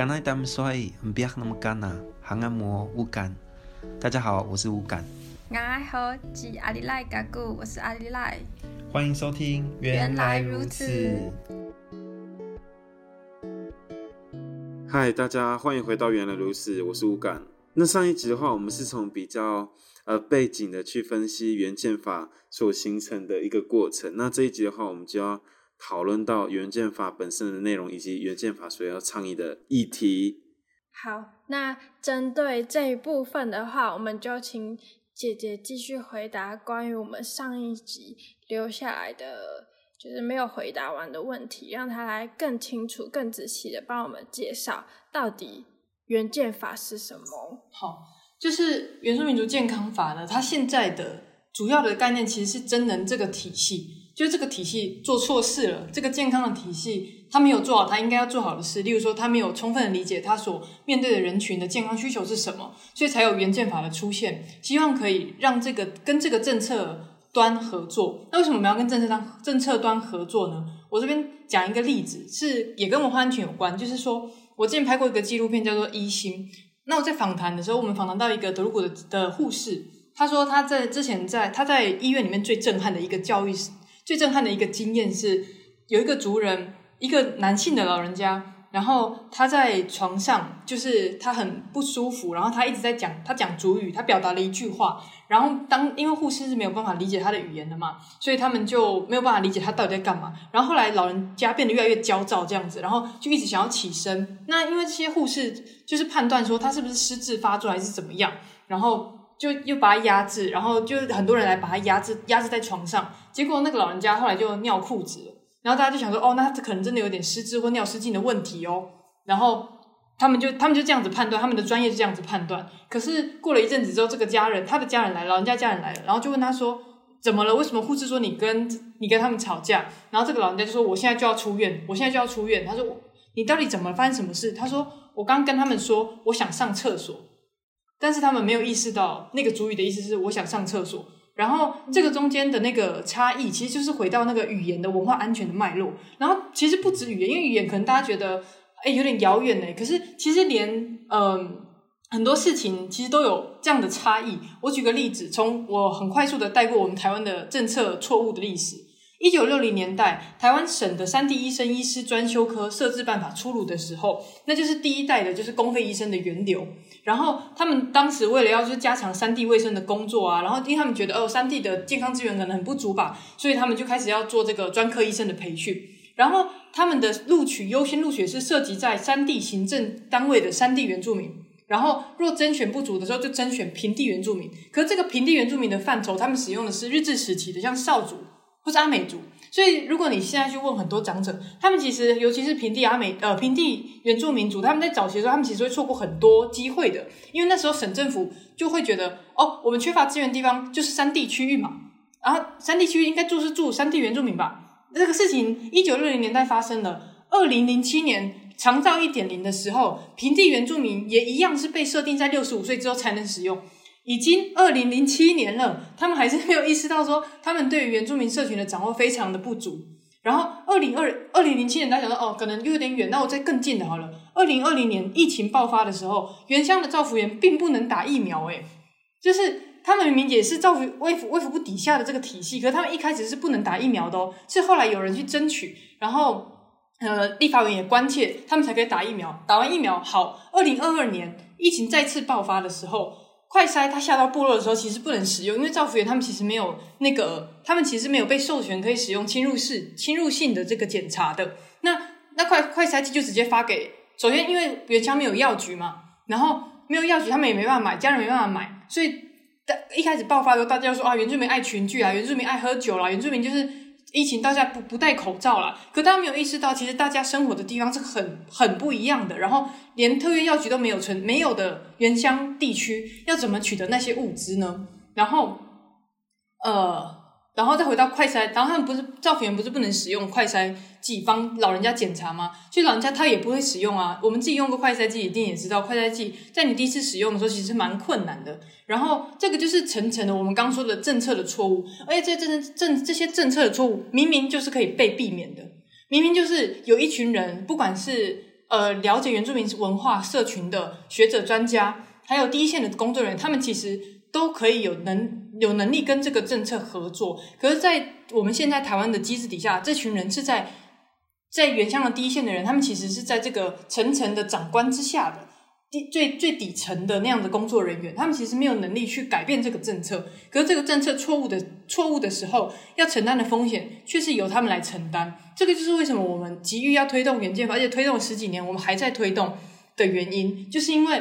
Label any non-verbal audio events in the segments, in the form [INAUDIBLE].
剛來他們說，不要那麼幹吶，還按摩 Ukan。大家好，我是 Ukan。我好是 'ariray 加古，我是 'ariray。歡迎收聽《原來如此》。嗨，大家歡迎回到《原來如此》Hi, 如此，我是 Ukan。那上一集的話，我們是從比較呃背景的去分析原健法所形成的一個過程。那這一集的話，我們就要。討論到原健法本身的內容以及原健法所要倡議的議題。好，那針對這一部分的話，我們就請姐姐繼續回答關於我們上一集留下來的，就是沒有回答完的問題，讓她來更清楚、更仔細的幫我們介紹到底原健法是什麼。好，就是原住民族健康法呢，它現在的主要的概念其實是“真人這個體系。就是這個體系做錯事了，這個健康的體系他沒有做好他應該要做好的事，例如說他沒有充分的理解他所面對的人群的健康需求是什麼，所以才有原健法的出現，希望可以讓這個跟這個政策端合作。那為什麼我們要跟政策上、政策端合作呢？我這邊講一個例子，是也跟文化安全有關，就是說我之前拍過一個紀錄片叫做《醫心》，那我在訪談的時候，我們訪談到一個德魯古的的護士，他說他在之前在他在醫院裡面最震撼的一個教育。最震撼的一個經驗是，有一個族人，一個男性的老人家，然後他在床上，就是他很不舒服，然後他一直在講，他講族語，他表達了一句話，然後當因為護士是沒有辦法理解他的語言的嘛，所以他們就沒有辦法理解他到底在幹嘛。然後後來老人家變得越來越焦躁，這樣子，然後就一直想要起身。那因為這些護士就是判斷說他是不是失智發作還是怎麼樣，然後。就又把他壓制，然後就很多人來把他壓制，壓制在床上。結果那個老人家後來就尿褲子了，然後大家就想說，哦，那他可能真的有點失智或尿失禁的問題哦。然後他們就他們就這樣子判斷，他們的專業就這樣子判斷。可是過了一陣子之後，這個家人，他的家人來，老人家家人來了，然後就問他說，怎麼了？為什麼護士說你跟你跟他們吵架？然後這個老人家就說，我現在就要出院，我現在就要出院。他說，你到底怎麼了？發生什麼事？他說，我剛跟他們說，我想上廁所。但是他們沒有意識到，那個主語的意思是我想上廁所。然後這個中間的那個差異，其實就是回到那個語言的文化安全的脈絡。然後其實不止語言，因為語言可能大家覺得哎，有點遙遠呢。可是其實連嗯、呃、很多事情其實都有這樣的差異。我舉個例子，從我很快速的帶過我們台灣的政策錯誤的歷史。一九六零年代，臺灣省的山地醫生醫師專修科設置辦法出爐的時候，那就是第一代的，就是公費醫生的源流。然後他們當時為了要去加強山地衛生的工作啊，然後因為他們覺得哦，山地的健康資源可能很不足吧，所以他們就開始要做這個專科醫生的培訓。然後他們的錄取優先錄取是涉及在山地行政單位的山地原住民，然後若甄選不足的時候，就甄選平地原住民。可是這個平地原住民的範疇，他們使用的是日治時期的像少主，或是阿美族，所以如果你現在去問很多長者，他們其實尤其是平地阿美呃平地原住民族，他們在早期的時候他們其實會錯過很多機會的，因為那時候省政府就會覺得哦，我們缺乏資源的地方就是山地區域嘛，然後山地區域應該住是住山地原住民吧。這個事情一九六零年代發生了，二零零七年長照一點零的時候，平地原住民也一樣是被設定在六十五歲之後才能使用。已經二零零七年了，他們還是沒有意識到說，他們對於原住民社群的掌握非常的不足。然後二零二二零零七年，大家想說哦，可能又有點遠，那我再更近的好了。二零二零年疫情爆發的時候，原鄉的照服員並不能打疫苗，誒。就是他們明明也是照服，衛福、衛福部底下的這個體系，可是他們一開始是不能打疫苗的哦，是後來有人去爭取，然後呃，立法院也關切，他們才可以打疫苗。打完疫苗，好，二零二二年疫情再次爆發的時候。快篩，它下到部落的時候其實不能使用，因為照服員他們其實沒有那個，他們其實沒有被授權可以使用侵入式、侵入性的這個檢查的。那那快快篩劑就直接發給，首先因為原鄉沒有藥局嘛，然後沒有藥局，他們也沒辦法買，家人沒辦法買，所以大一開始爆發的時候，大家說啊，原住民愛群聚啊，原住民愛喝酒啦，原住民就是。疫情，大家不不戴口罩了，可大家沒有意識到，其實大家生活的地方是很很不一樣的。然後，連特約藥局都沒有存，沒有的原鄉地區，要怎麼取得那些物資呢？然後，呃。然後再回到快篩，然後他們不是照服員，不是不能使用快篩劑幫老人家檢查嗎？其實老人家他也不會使用啊。我們自己用過快篩劑，一定也知道，快篩劑在你第一次使用的時候，其實蠻困難的。然後這個就是層層的，我們剛，剛說的政策的錯誤，而且這政政這，這，這些政策的錯誤，明明就是可以被避免的，明明就是有一群人，不管是呃了解原住民文化社群的學者專家，還有第一線的工作人員，他們其實。都可以有能有能力跟這個政策合作，可是，在我們現在台灣的機制底下，這群人是在在原鄉的第一線的人，他們其實是在這個層層的長官之下的最最底層的那樣的工作人員，他們其實沒有能力去改變這個政策，可是這個政策錯誤的錯誤的時候，要承擔的風險卻是由他們來承擔。這個就是為什麼我們急於要推動原健法，而且推動了十幾年，我們還在推動的原因，就是因為。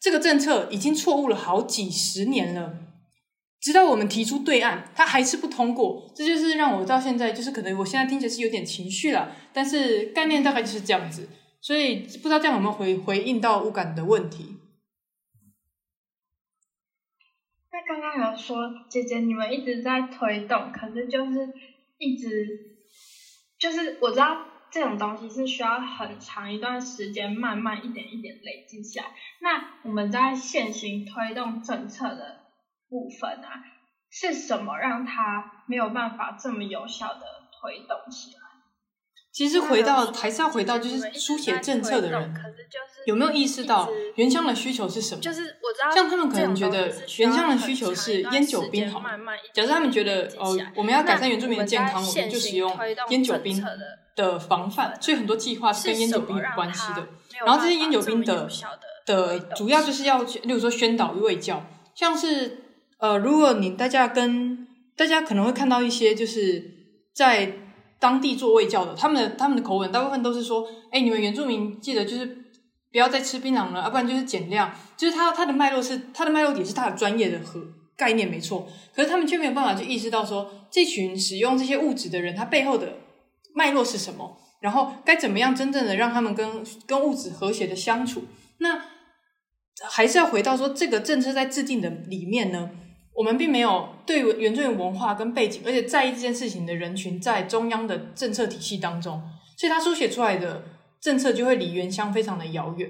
這個政策已經錯誤了好幾十年了，直到我們提出對案，它還是不通過。這就是讓我到現在，就是可能我現在聽起來是有點情緒了，但是概念大概就是這樣子。所以不知道這樣有沒有回回應到無感的問題？那剛剛有說姐姐你們一直在推動，可是就是一直就是我知道。這種東西是需要很長一段時間，慢慢一點一點累積起來。那我們在現行推動政策的部分啊，是什麼讓它沒有辦法這麼有效的推動起來？其實回到還是要回到，就是書寫政策的人有沒有意識到原鄉的需求是什麼？嗯、就是我知道，像他們可能覺得原鄉的需求是菸酒冰好嗎。假設他們覺得哦，我們要改善原住民的健康，我們就使用菸酒冰的防範，所以很多計劃是跟菸酒冰有關係的。然後這些菸酒冰的的，的主要就是要，例如說宣導衛教，像是呃，如果你大家跟大家可能會看到一些，就是在。當地做衛教的，他們的他們的口吻大部分都是說：“哎、欸，你們原住民記得就是不要再吃檳榔了，啊，不然就是減量。”就是他他的脈絡是他的脈絡也是他的專業的和概念沒錯，可是他們卻沒有辦法去意識到說，這群使用這些物質的人，他背後的脈絡是什麼，然後該怎麼樣真正的讓他們跟跟物質和諧的相處？那還是要回到說，這個政策在制定的裡面呢？我們並沒有對於原住民文化跟背景，而且在意這件事情的人群，在中央的政策體系當中，所以他書寫出來的政策就會離原鄉非常的遙遠。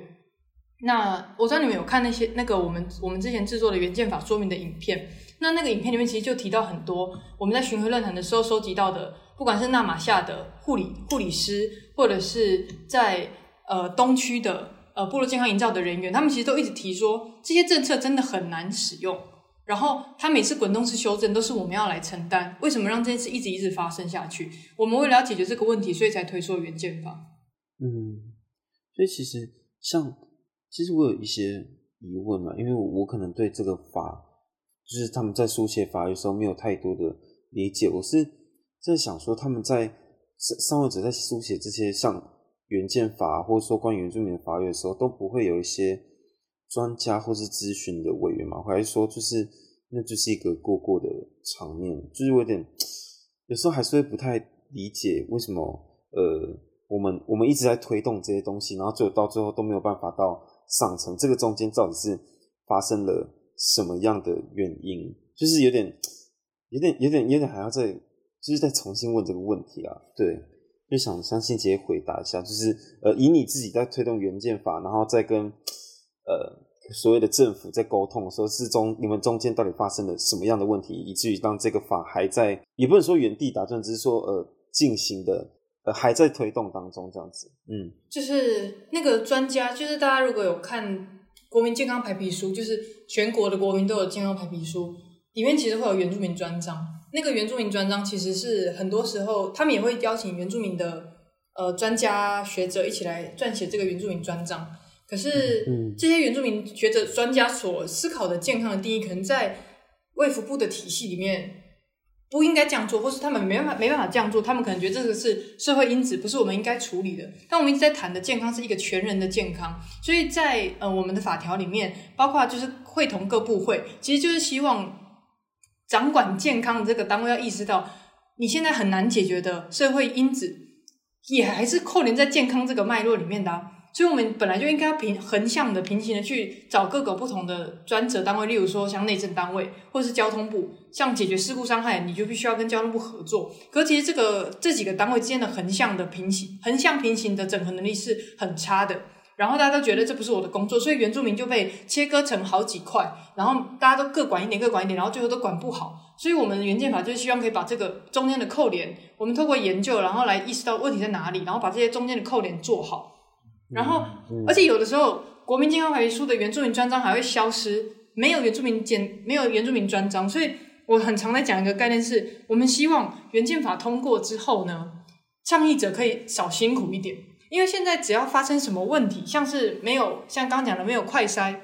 那我知道你們有看那些那個我們我們之前制作的原健法說明的影片，那那個影片裡面其實就提到很多我們在巡回論壇的時候收集到的，不管是納瑪夏的護理護理師，或者是在呃東區的呃部落健康營造的人員，他們其實都一直提說這些政策真的很難使用。然後他每次滾動式修正都是我們要來承擔，為什麼讓這件事一直一直發生下去？我們為了要解決這個問題，所以才推出了原健法。嗯，所以其實像，其實我有一些疑問嘛，因為我，我可能對這個法，就是他們在書寫法語的時候沒有太多的理解。我是在想說，他們在上上位者在書寫這些像《原健法》，或者說關於原住民法律的時候，都不會有一些。專家或是諮詢的委員嘛，還是說就是，那就是一個過過的場面，就是我有點，有時候還是會不太理解為什麼，呃，我們我們一直在推動這些東西，然後最後到最後都沒有辦法到上層，這個中間到底是發生了什麼樣的原因？就是有點，有點，有點，有點還要再，就是再重新問這個問題啦、啊。對，就想相信直接回答一下，就是呃，以你自己在推動原健法，然後再跟。呃，所謂的政府在溝通的時候，是中你們中間到底發生了什麼樣的問題，以至於當這個法還在，也不能說原地打轉，只是說呃進行的，呃還在推動當中這樣子。嗯，就是那個專家，就是大家如果有看國民健康白皮書，就是全國的國民都有健康白皮書，裡面其實會有原住民專章。那個原住民專章其實是很多時候他們也會邀請原住民的呃專家學者一起來撰寫這個原住民專章。可是，這些原住民學者專家所思考的健康的定義，可能在衛福部的體系裡面不應該這樣做，或是他們沒辦法、沒辦法這樣做。他們可能覺得這個是社會因子，不是我們應該處理的。但我們一直在談的健康是一個全人的健康，所以在呃我們的法條裡面，包括就是會同各部會，其實就是希望掌管健康的這個單位要意識到，你現在很難解決的社會因子，也還是扣連在健康這個脈絡裡面的啊。所以我們本來就應該平橫向的平行的去找各個不同的專責單位，例如說像內政單位，或是交通部，像解決事故傷害，你就必須要跟交通部合作。可其實這個這幾個單位之間的橫向的平行、橫向平行的整合能力是很差的。然後大家都覺得這不是我的工作，所以原住民就被切割成好幾塊，然後大家都各管一點、各管一點，然後最後都管不好。所以我們的原健法就是希望可以把這個中間的扣連，我們透過研究，然後來意識到問題在哪裡，然後把這些中間的扣連做好。然後，而且有的時候，國民健康白皮書的原住民專章還會消失，沒有原住民簡，沒有原住民專章，所以我很常在講一個概念是，是我們希望原健法通過之後呢，倡議者可以少辛苦一點，因為現在只要發生什麼問題，像是沒有像剛、剛講的沒有快篩，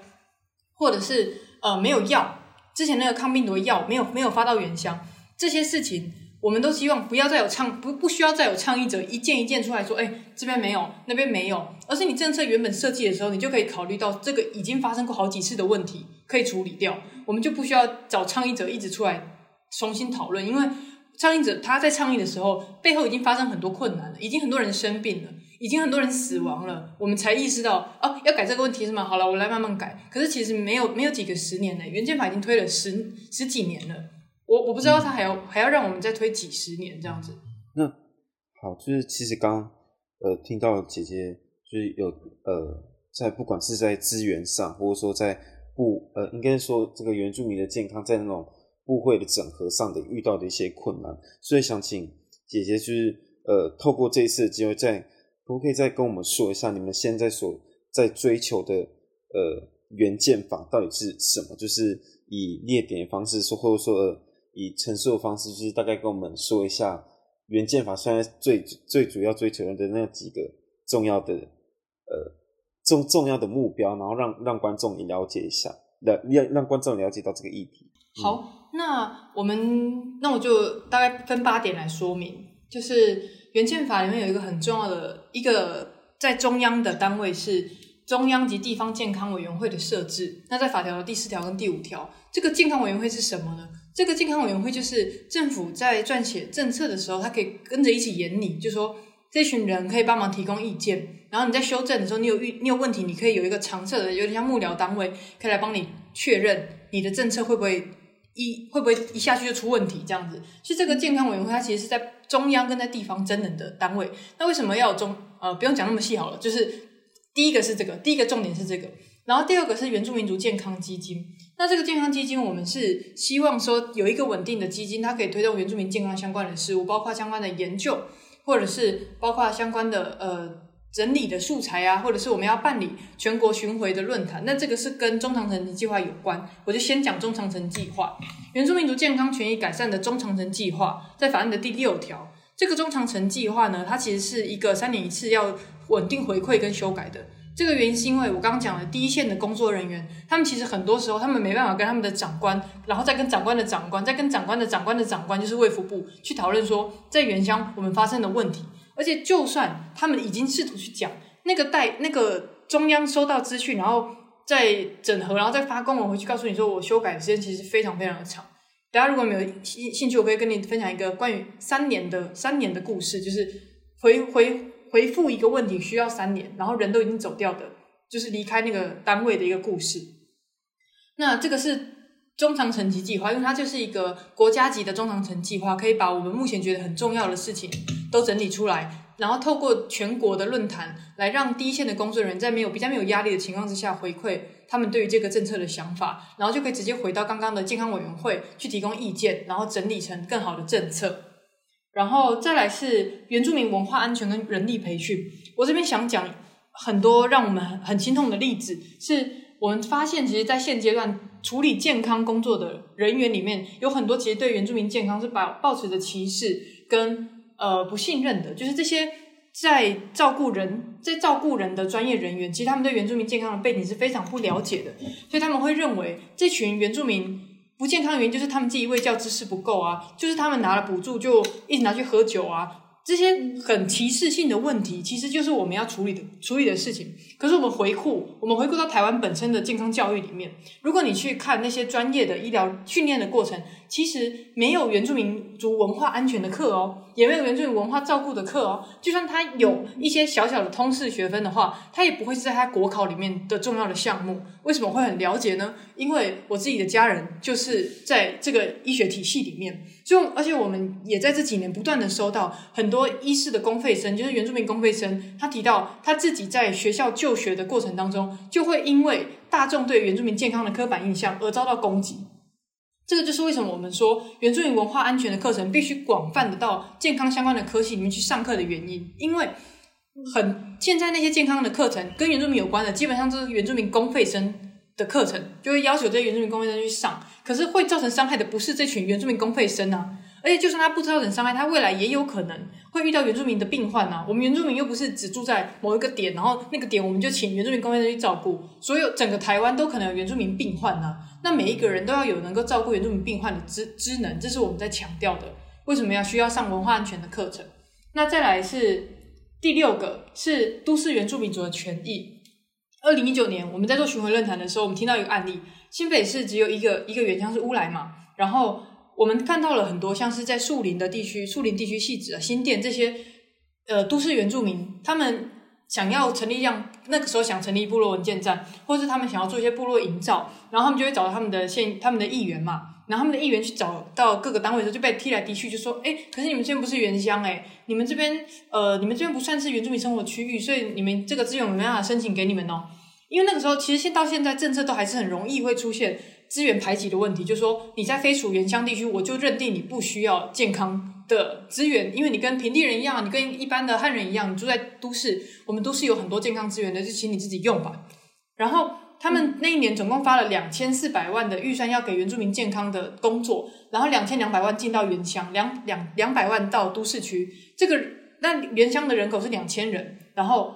或者是呃沒有藥，之前那個抗病毒藥沒有沒有發到原鄉，這些事情。我們都希望不要再有倡不不需要再有倡議者一件一件出來說，誒、欸、這邊沒有，那邊沒有，而是你政策原本設計的時候，你就可以考慮到這個已經發生過好幾次的問題，可以處理掉，我們就不需要找倡議者一直出來重新討論，因為倡議者他在倡議的時候，背後已經發生很多困難了，已經很多人生病了，已經很多人死亡了，我們才意識到哦、啊，要改這個問題是嗎？好了，我來慢慢改。可是其實沒有沒有幾個十年呢，原健法已經推了十十幾年了。我我不知道他還要、嗯、還要讓我們再推幾十年這樣子。那好，就是其實剛呃聽到姐姐就是有呃在不管是在資源上，或者說在部呃應該說這個原住民的健康在那種部會的整合上的遇到的一些困難，所以想請姐姐就是呃透過這一次的機會再，再可不可以再跟我們說一下你們現在所在追求的呃原健法到底是什麼？就是以列點的方式說，或者說。呃。以陳述的方式，就是大概跟我們說一下原健法現在最最主要追求的那幾個重要的呃重重要的目標，然後讓讓觀眾也了解一下，讓讓讓觀眾了解到這個議題。嗯、好，那我們那我就大概分八點來說明，就是原健法裡面有一個很重要的一個在中央的單位是中央及地方健康委員會的設置。那在法條的第四條跟第五條，這個健康委員會是什麼呢？這個健康委員會就是政府在撰寫政策的時候，他可以跟着一起研擬，就是說這群人可以幫忙提供意見，然後你在修正的時候，你有遇你有問題，你可以有一個常設的，有點像幕僚單位，可以來幫你確認你的政策會不會一會不會一下去就出問題這樣子。其實這個健康委員會它其實是在中央跟在地方真人的單位。那為什麼要有中？呃，不用講那麼細好了。就是第一個是這個，第一個重點是這個，然後第二個是原住民族健康基金。那這個健康基金，我們是希望說有一個穩定的基金，它可以推動原住民健康相關的事務，包括相關的研究，或者是包括相關的呃整理的素材啊，或者是我們要辦理全國巡迴的論壇。那這個是跟中長程計劃有關，我就先講中長程計劃。原住民族健康權益改善的中長程計劃，在法案的第六條。這個中長程計劃呢，它其實是一個三年一次要穩定回饋跟修改的。這個原因是因為我剛剛講的第一線的工作人員，他們其實很多時候他們沒辦法跟他們的長官，然後再跟長官的長官，再跟長官的長官的長官，就是衛福部去討論說在原鄉我們發生的問題。而且就算他們已經試圖去講，那個代那個中央收到資訊，然後再整合，然後再發公文回去告訴你說，我修改的時間其實非常非常的長。大家如果沒有興興趣，我可以跟你分享一個關於三年的三年的故事，就是回回，回復一個問題需要三年，然後人都已經走掉的，就是離開那個單位的一個故事。那這個是中長程計劃，因為它就是一個國家級的中長程計劃，可以把我們目前覺得很重要的事情都整理出來，然後透過全國的論壇來讓第一線的工作人員在沒有比較沒有壓力的情況之下回饋他們對於這個政策的想法，然後就可以直接回到剛剛的健康委員會去提供意見，然後整理成更好的政策。然後再來是原住民文化安全跟人力培訓。我這邊想講很多讓我們很心痛的例子，是我們發現其實，在現階段處理健康工作的人員裡面，有很多其實對原住民健康是抱抱持着歧視跟呃不信任的。就是這些在照顧人在照顧人的專業人員，其實他們對原住民健康的背景是非常不了解的，所以他們會認為這群原住民。不健康的原因就是他們自己衛教知識不夠啊，就是他們拿了補助就一直拿去喝酒啊，這些很歧視性的問題，其實就是我們要處理的處理的事情。可是我們回顧，我們回顧到台灣本身的健康教育裡面，如果你去看那些專業的醫療訓練的過程。其實沒有原住民族文化安全的課哦，也沒有原住民文化照顧的課哦。就算他有一些小小的通識學分的話，他也不會是在他國考裡面的重要的項目。為什麼會很了解呢？因為我自己的家人就是在這個醫學體系裡面，所以而且我們也在這幾年不斷的收到很多醫師的公費生，就是原住民公費生，他提到他自己在學校就學的過程當中，就會因為大眾對原住民健康的刻板印象而遭到攻擊。這個就是為什麼我們說原住民文化安全的課程必須廣泛的到健康相關的科系裡面去上課的原因，因為很現在那些健康的課程跟原住民有關的，基本上都是原住民公費生的課程，就會要求這些原住民公費生去上，可是會造成傷害的不是這群原住民公費生啊。而且，就算他不知道人傷害他，未來也有可能會遇到原住民的病患啊！我們原住民又不是只住在某一個點，然後那個點我們就請原住民公衛人去照顧，所有整個台灣都可能有原住民病患呢、啊。那每一個人都要有能夠照顧原住民病患的知知能，這是我們在強調的。為什麼要需要上文化安全的課程？那再來是第六個，是都市原住民族的權益。二零一九年我們在做巡迴論壇的時候，我們聽到一個案例：新北市只有一個一個原鄉是烏來嘛，然後。我們看到了很多，像是在樹林的地區，樹林地區，汐止啊，新店這些，呃，都市原住民，他們想要成立一樣，那個時候想成立部落文健站，或是他們想要做一些部落營造，然後他們就會找到他們的縣，他們的議員嘛，然後他們的議員去找到各個單位的時候，就被踢來踢去，就說，哎，可是你們這邊不是原鄉哎、欸，你們這邊，呃，你們這邊不算是原住民生活區域，所以你們這個資源沒有辦法申請給你們哦，因為那個時候其實現到現在政策都還是很容易會出現資源排擠的問題，就是說你在非屬原鄉地區，我就認定你不需要健康的資源，因為你跟平地人一樣，你跟一般的漢人一樣，你住在都市，我們都市有很多健康資源的，就請你自己用吧。然後他們那一年總共發了兩千四百萬的預算，要給原住民健康的工作，然後兩千兩百萬進到原鄉，兩兩兩百萬到都市區。這個，那原鄉的人口是兩千人，然後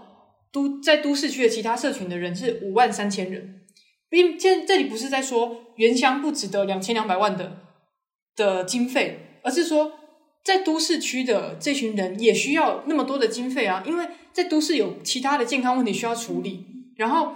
都在都市區的其他社群的人是五萬三千人。因為現在這裡不是在說原鄉不值得兩千兩百萬的的經費，而是說在都市區的這群人也需要那麼多的經費啊！因為在都市有其他的健康問題需要處理，然後，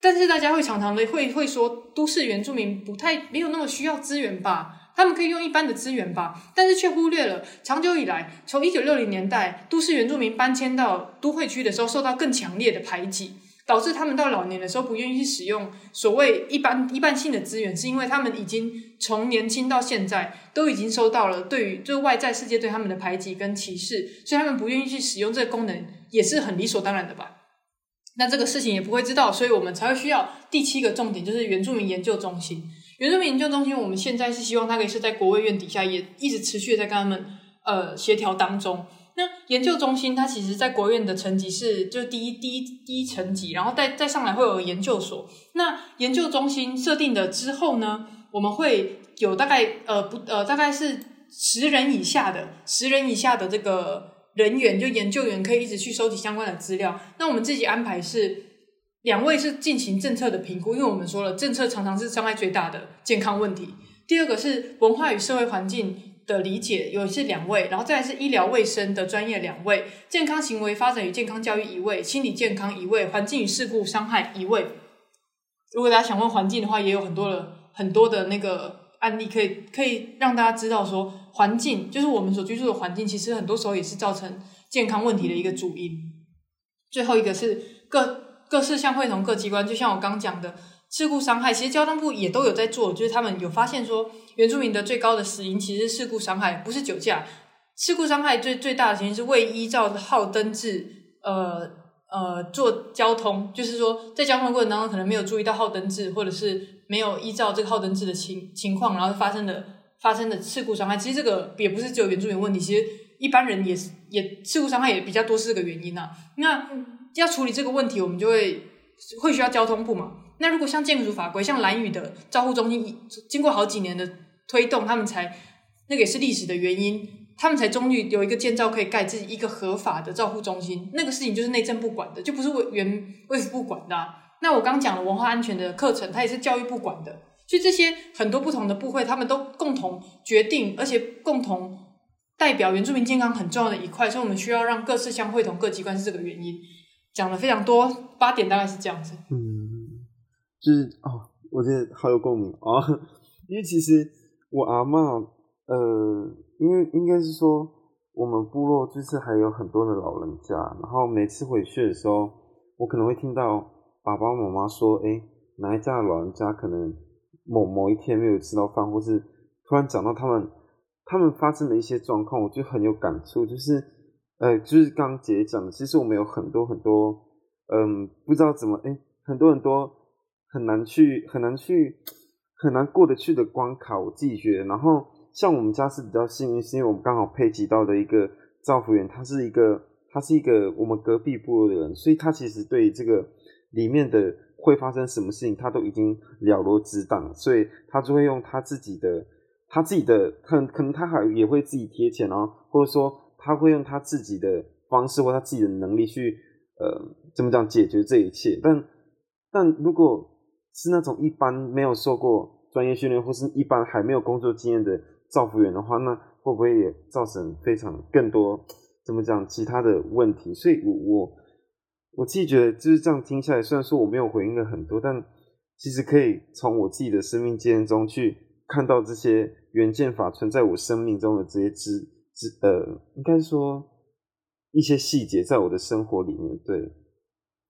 但是大家會常常的會會說都市原住民不太，沒有那麼需要資源吧？他們可以用一般的資源吧，但是卻忽略了長久以來，從一九六零年代都市原住民搬遷到都會區的時候，受到更強烈的排擠。導致他們到老年的時候不願意去使用所謂一般一般性的資源，是因為他們已經從年輕到現在都已經收到受了對於就外在世界對他們的排擠跟歧視，所以他們不願意去使用這個功能也是很理所當然的吧。那這個事情也不會知道，所以我們才會需要第七個重點，就是原住民研究中心。原住民研究中心，我們現在是希望它可以是在國務院國衛院底下，也一直持續在跟他們呃協調當中。那研究中心它其實，在國院的層級是就第一第一第一層級，然後再再上來會有研究所。那研究中心設定的之後呢，我們會有大概呃不呃大概是十人以下的，十人以下的這個人員就研究員可以一直去收集相關的資料。那我們自己安排是兩位是進行政策的評估，因為我們說了政策常常是障礙最大的健康問題。第二個是文化與社會環境。的理解有是兩位，然後再來是醫療衛生的專業兩位，健康行為發展與健康教育一位，心理健康一位，環境與事故傷害一位。如果大家想問環境的話，也有很多的很多的那個案例，可以可以讓大家知道說，環境就是我們所居住的環境，其實很多時候也是造成健康問題的一個主因。最後一個是各各事項會同各機關，就像我剛講的。事故傷害，其實交通部，也都有在做，就是他們有發現說，原住民的最高的死因其實是事故傷害，不是酒駕，事故傷害最最大的原因是未依照號燈制，呃呃，做交通，就是說在交通過程當中可能沒有注意到號燈制，或者是沒有依照這個號燈制的情情況，然後發生的發生的事故傷害，其實這個也不是只有原住民問題，其實一般人也是也事故傷害也比較多，是這個原因啊。那要處理這個問題，我們就會會需要交通部嘛。那如果像建築法規，像蘭嶼的照護中心，經過好幾年的推動，他們才那個也是歷史的原因，他們才終於有一個建造可以蓋自己一個合法的照護中心。那個事情就是內政部管的，就不是委原衛福部管的啊。那我剛講的文化安全的課程，它也是教育部管的。所以這些很多不同的部會，他們都共同決定，而且共同代表原住民健康很重要的一塊，所以我們需要讓各事項會同各機關是這個原因。講了非常多八點，大概是這樣子。嗯。就是哦，我覺得好有共鳴哦，因為其實我阿嬤呃，因為應該是說我們部落就是還有很多的老人家，然後每次回去的時候，我可能會聽到爸爸媽媽說，哎、欸，哪一家的老人家可能某某一天沒有吃到飯，或是突然講到他們他們發生的一些狀況，我就很有感觸，就是呃就是剛姐講，其實我們有很多很多，嗯，不知道怎麼哎、欸，很多很多。很難去，很難去，很難過得去的關卡，我自己覺得。然後，像我們家是比較幸運，是因為我們剛好配齊到的一個照服員，他是一個，他是一個我們隔壁部落的人，所以他其實對這個裡面的會發生什麼事情，他都已經了如指掌，所以他就會用他自己的，他自己的可能，可能他還也會自己貼錢，然後或者說他會用他自己的方式或他自己的能力去呃怎麼講解決這一切，但但如果是那種一般沒有受過專業訓練或是一般還沒有工作經驗的照護員的話，那會不會也造成非常更多怎麼講，其他的問題？所以我，我我我自己覺得就是這樣聽下來，雖然說我沒有回應了很多，但其實可以從我自己的生命經驗中去看到這些原健法存在我生命中的這些知枝呃，應該說一些細節在我的生活裡面，對，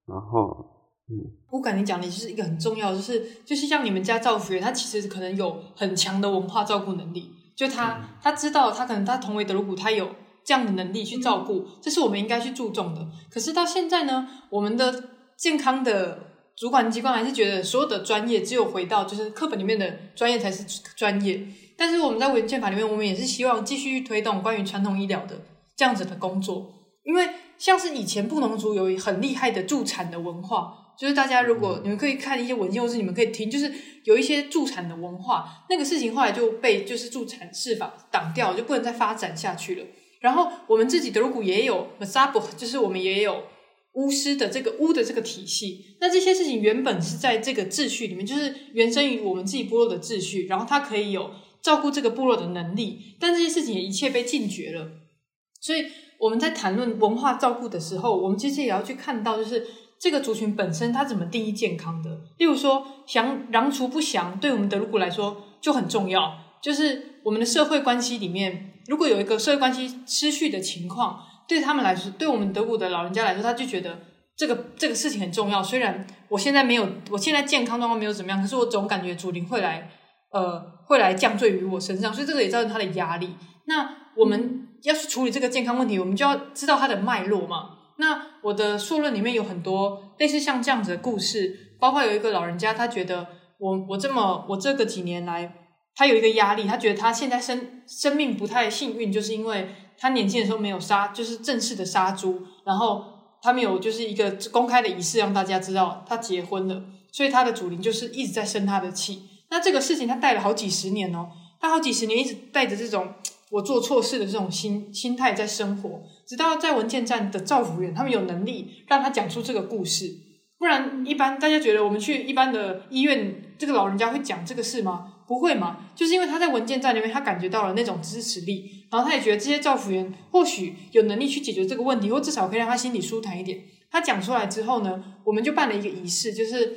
然後。嗯，我感覺講，你的是一個很重要的就是就是像你們家趙學，他其實可能有很強的文化照顧能力，就他他知道，他可能他同為德魯古，他有這樣的能力去照顧，嗯、這是我們應該去注重的。可是到現在呢，我們的健康的主管機關還是覺得所有的專業只有回到就是課本裡面的專業才是專業，但是我們在原健法裡面，我們也是希望繼續推動關於傳統醫療的這樣子的工作，因為像是以前布農族有很厲害的助產的文化。就是大家如果你們可以看一些文件，或是你們可以聽，就是有一些助產的文化，那個事情後來就被就是助產士法擋掉，就不能再發展下去了。然後我們自己德魯古也有 masaba 就是我們也有巫師的這個巫的這個體系。那這些事情原本是在這個秩序裡面，就是原生於我們自己部落的秩序，然後它可以有照顧這個部落的能力。但這些事情也一切被禁絕了。所以我們在談論文化照顧的時候，我們其實也要去看到，就是。這個族群本身，他怎麼定義健康的？例如說，祥狼除不祥，對我們德魯固來說就很重要。就是我們的社會關係裡面，如果有一個社會關係失去的情況，對他們來說，對我們德魯固的老人家來說，他就覺得這個這個事情很重要。雖然我現在沒有，我現在健康狀況沒有怎麼樣，可是我總感覺祖靈會來，呃，會來降罪於我身上，所以這個也造成他的壓力。那我們要去處理這個健康問題，我們就要知道它的脈絡嘛。那我的數論裡面有很多類似像這樣子的故事，包括有一個老人家，他覺得我我這麼我這個幾年來，他有一個壓力，他覺得他現在生生命不太幸運，就是因為他年輕的時候沒有殺，就是正式的殺豬，然後他沒有就是一個公開的儀式讓大家知道他結婚了，所以他的祖靈就是一直在生他的氣。那這個事情他帶了好幾十年哦，他好幾十年一直帶着這種。我做錯事的這種心心態在生活，直到在文健站的照服員，他們有能力讓他講出這個故事。不然，一般大家覺得我們去一般的醫院，這個老人家會講這個事嗎？不會嘛。就是因為他在文健站裡面，他感覺到了那種支持力，然後他也覺得這些照服員或許有能力去解決這個問題，或至少可以讓他心裡舒坦一點。他講出來之後呢，我們就辦了一個儀式，就是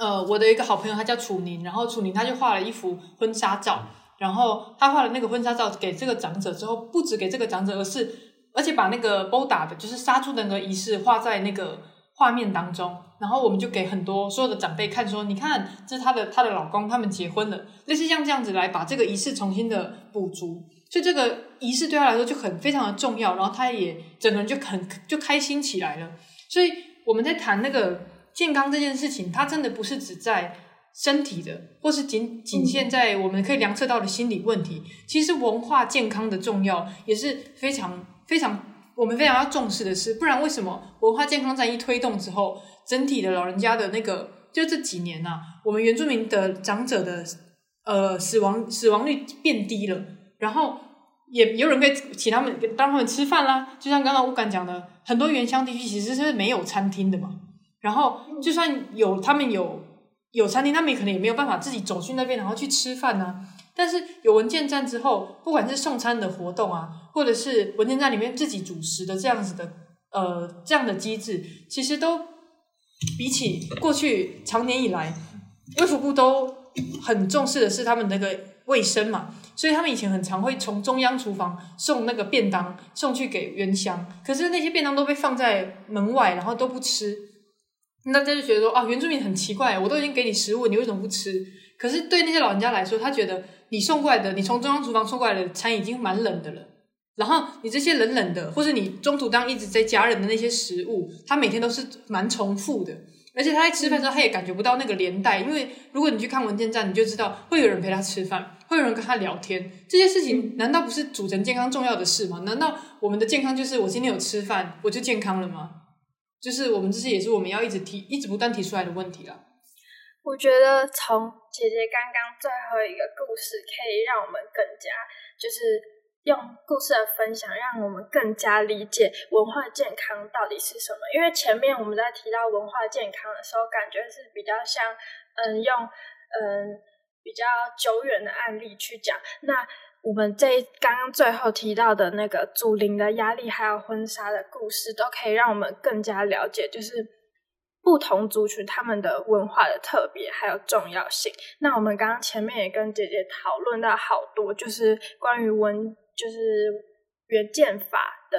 呃，我的一個好朋友，他叫楚寧，然後楚寧他就畫了一幅婚紗照。然後他畫了那個婚紗照給這個長者之後，不止給這個長者，而是而且把那個包打的，就是殺豬的那個儀式畫在那個畫面當中。然後我們就給很多所有的長輩看，說：“你看，這是他的他的老公，他們結婚了。”類似像這樣子來把這個儀式重新的補足，所以這個儀式對他來說就很非常的重要。然後他也整個人就很就開心起來了。所以我們在談那個健康這件事情，他真的不是只在。身體的，或是僅僅限在我們可以量測到的心理問題，嗯、其實文化健康的重要也是非常非常，我們非常要重視的事。是不然，為什麼文化健康在一推動之後，整體的老人家的那個，就這幾年吶、啊，我們原住民的長者的呃死亡死亡率變低了，然後也有人會請他們，當他們吃飯啦。就像剛剛 Ukan 講的，很多原鄉地區其實是沒有餐廳的嘛，然後就算有，他們有。有餐廳，他們也可能也沒有辦法自己走去那邊，然後去吃飯呢。但是有文健站之後，不管是送餐的活動啊，或者是文健站裡面自己煮食的這樣子的，呃，這樣的機制，其實都比起過去長年以來，衛福部都很重視的是他們那個衛生嘛。所以他們以前很常會從中央廚房送那個便當，送去給原鄉，可是那些便當都被放在門外，然後都不吃。那他就覺得說啊，原住民很奇怪，我都已經給你食物，你為什麼不吃？可是對那些老人家來說，他覺得你送過來的，你從中央廚房送過來的餐已經蠻冷的了。然後你這些冷冷的，或者你中途當一直在家人的那些食物，他每天都是蠻重複的。而且他在吃飯的時候，他也感覺不到那個連帶，因為如果你去看文件站，你就知道會有人陪他吃飯，會有人跟他聊天，這些事情難道不是組成健康重要的事嗎？難道我們的健康就是我今天有吃飯我就健康了嗎？就是我們這些也是我們要一直提、一直不斷提出來的問題了。我覺得從姐姐剛剛最後一個故事，可以讓我們更加就是用故事的分享，讓我們更加理解文化健康到底是什麼。因為前面我們在提到文化健康的時候，感覺是比較像嗯，用嗯，比較久遠的案例去講那。我們這剛剛最後提到的那個祖靈的壓力，還有婚紗的故事，都可以讓我們更加了解，就是不同族群他們的文化的特別還有重要性。那我們剛剛前面也跟姐姐討論到好多，就是關於文，就是原健法的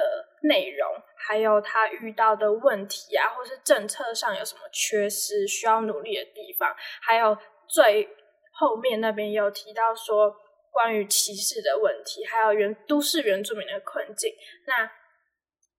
內容，還有他遇到的問題啊，或是政策上有什麼缺失，需要努力的地方。還有最後面那邊也有提到說。關於歧視的問題，還有原都市原住民的困境。那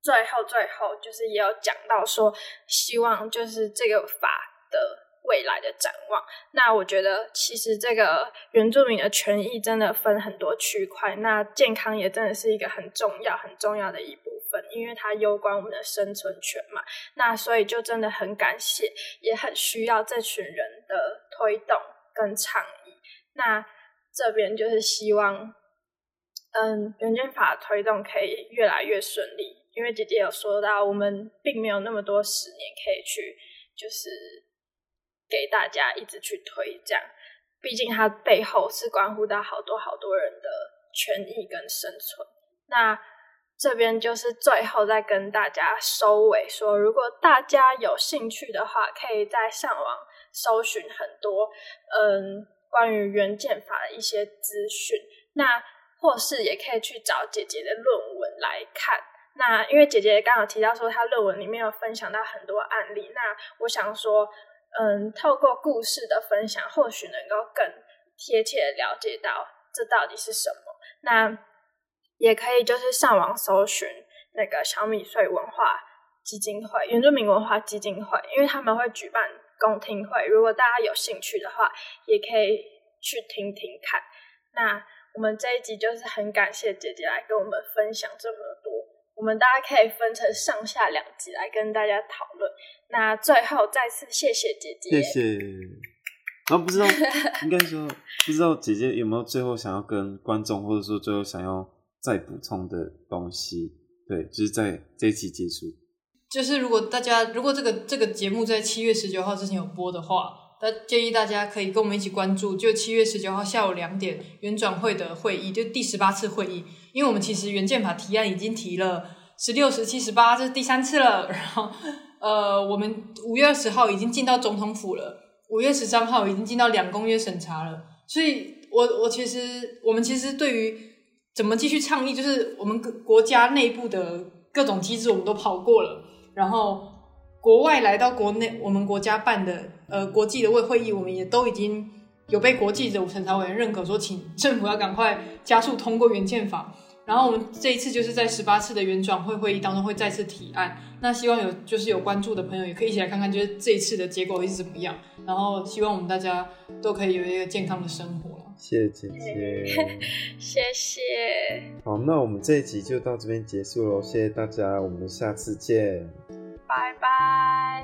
最後最後就是也有講到說，希望就是這個法的未來的展望。那我覺得其實這個原住民的權益真的分很多區塊，那健康也真的是一個很重要很重要的一部分，因為它攸關我們的生存權嘛。那所以就真的很感謝，也很需要這群人的推動跟倡議。那這邊就是希望，嗯，原健法推動可以越來越順利。因為姐姐有說到，我們並沒有那麼多十年可以去，就是給大家一直去推這樣。畢竟它背後是關乎到好多好多人的權益跟生存。那這邊就是最後再跟大家收尾說，如果大家有興趣的話，可以在上網搜尋很多，嗯。關於原健法的一些資訊，那或是也可以去找姐姐的論文來看。那因為姐姐剛好提到說，她論文裡面有分享到很多案例。那我想說，嗯，透過故事的分享，或許能夠更貼切了解到這到底是什麼。那也可以就是上網搜尋那個小米穗文化基金會、原住民文化基金會，因為他們會舉辦。公聽會，如果大家有興趣的話，也可以去聽聽看。那我們這一集就是很感謝姐姐來跟我們分享這麼多，我們大家可以分成上下兩集來跟大家討論。那最後再次謝謝姐姐，謝謝。然後，啊，不知道，應該說 [LAUGHS] 不知道姐姐有沒有最後想要跟觀眾，或者說最後想要再補充的東西？對，就是在這一集結束。就是如果大家如果這個這個節目在七月十九號之前有播的話，那建議大家可以跟我們一起關注，就七月十九號下午兩點原轉會的會議，就第十八次會議。因為我們其實原健法提案已經提了十六、十七、十八，這是第三次了。然後呃，我們五月二十號已經進到總統府了，五月十三號已經進到兩公約審查了。所以我，我我其實我們其實對於怎麼繼續倡議，就是我們國國家內部的各種機制，我們都跑過了。然後，國外來到國內，我們國家辦的呃國際的會會議，我們也都已經有被國際的審查委員認可說，說請政府要趕快加速通過原健法。然後我們這一次就是在十八次的原轉會會議當中會再次提案，那希望有就是有關注的朋友也可以一起來看看，就是這一次的結果會是怎麼樣。然後希望我們大家都可以有一個健康的生活。謝謝姐姐， [LAUGHS] 謝謝。好，那我們這一集就到這邊結束嘍，謝謝大家，我們下次見，拜拜。